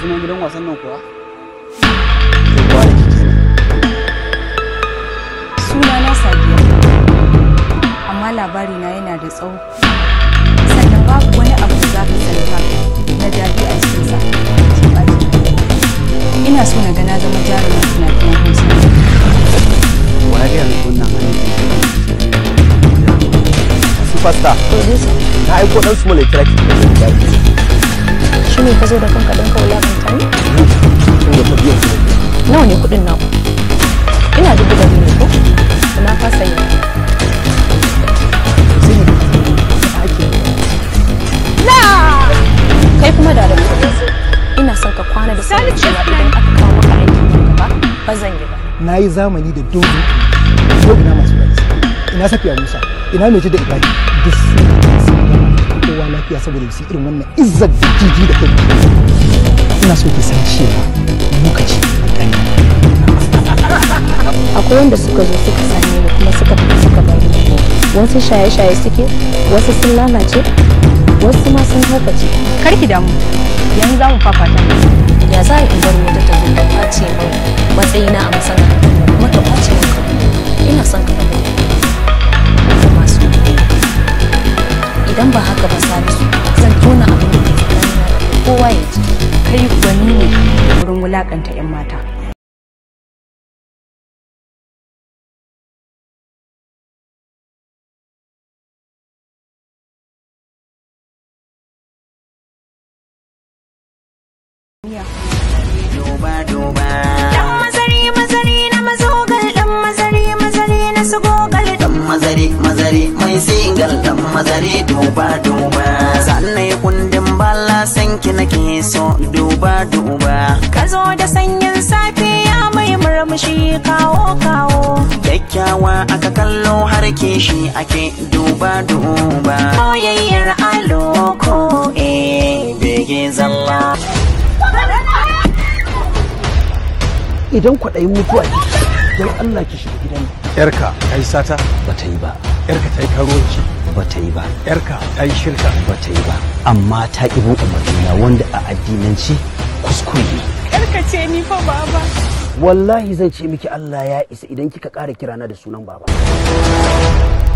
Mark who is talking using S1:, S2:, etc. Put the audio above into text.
S1: sunan gidan wasan nan kuwa? Suna na Sadiya. Amma labari na yana da tsawo. Sannan babu wani abu da za ka santa na a cikinsa. Ina so na ga na zama jarumin fina-finan Hausa. Wa ya yanzu wannan hannun Superstar. Producer. Na aiko ɗan su mala kira ki da shi ne ka zo da kanka don ka wulakanta ni? nawa ne kuɗin naku ina dubu da ne ko na fasa yi kai kuma da da ina son ka kwana da sanin cewa idan aka kawo maka aikin nan ba zan yi ba na yi zamani da dogo ko ina masu ina safiya musa ina mai da ibadi. duk kowa lafiya saboda su irin wannan izzar jijji da kai ina so ki san cewa lokaci kaɗan akwai wanda suka zo suka same ni kuma suka fita suka bari wasu shaye-shaye suke wasu sun lalace wasu ma sun haukace kar ki damu yanzu za mu fafata ya za a yi mu wata ta gudu a ce na a kai gwani ne wurin wulakanta 'yan mata a mazari mazari na mazogal mazari na sugogal dan mazari mazari mai singal dan mazari duba duba. Sannan kundin na san ki nake so duba duba ka zo da sanyin ya mai murmushi kawo kawo kyakkyawa aka kallo har ke shi ake duba duba koyayyar alo ko eh bege zalla idan kwaɗayin a ke don Allah ki shiga gidan yarka kai sata ba ta yi ba yarka ta yi karuwanci ba ta yi ba yarka ai shirka ba yi ba amma ta ki buɗe madina wanda a addinanci kuskure ne yarka ce ni fa baba wallahi zan ce miki Allah ya isa idan kika ƙara kirana da sunan baba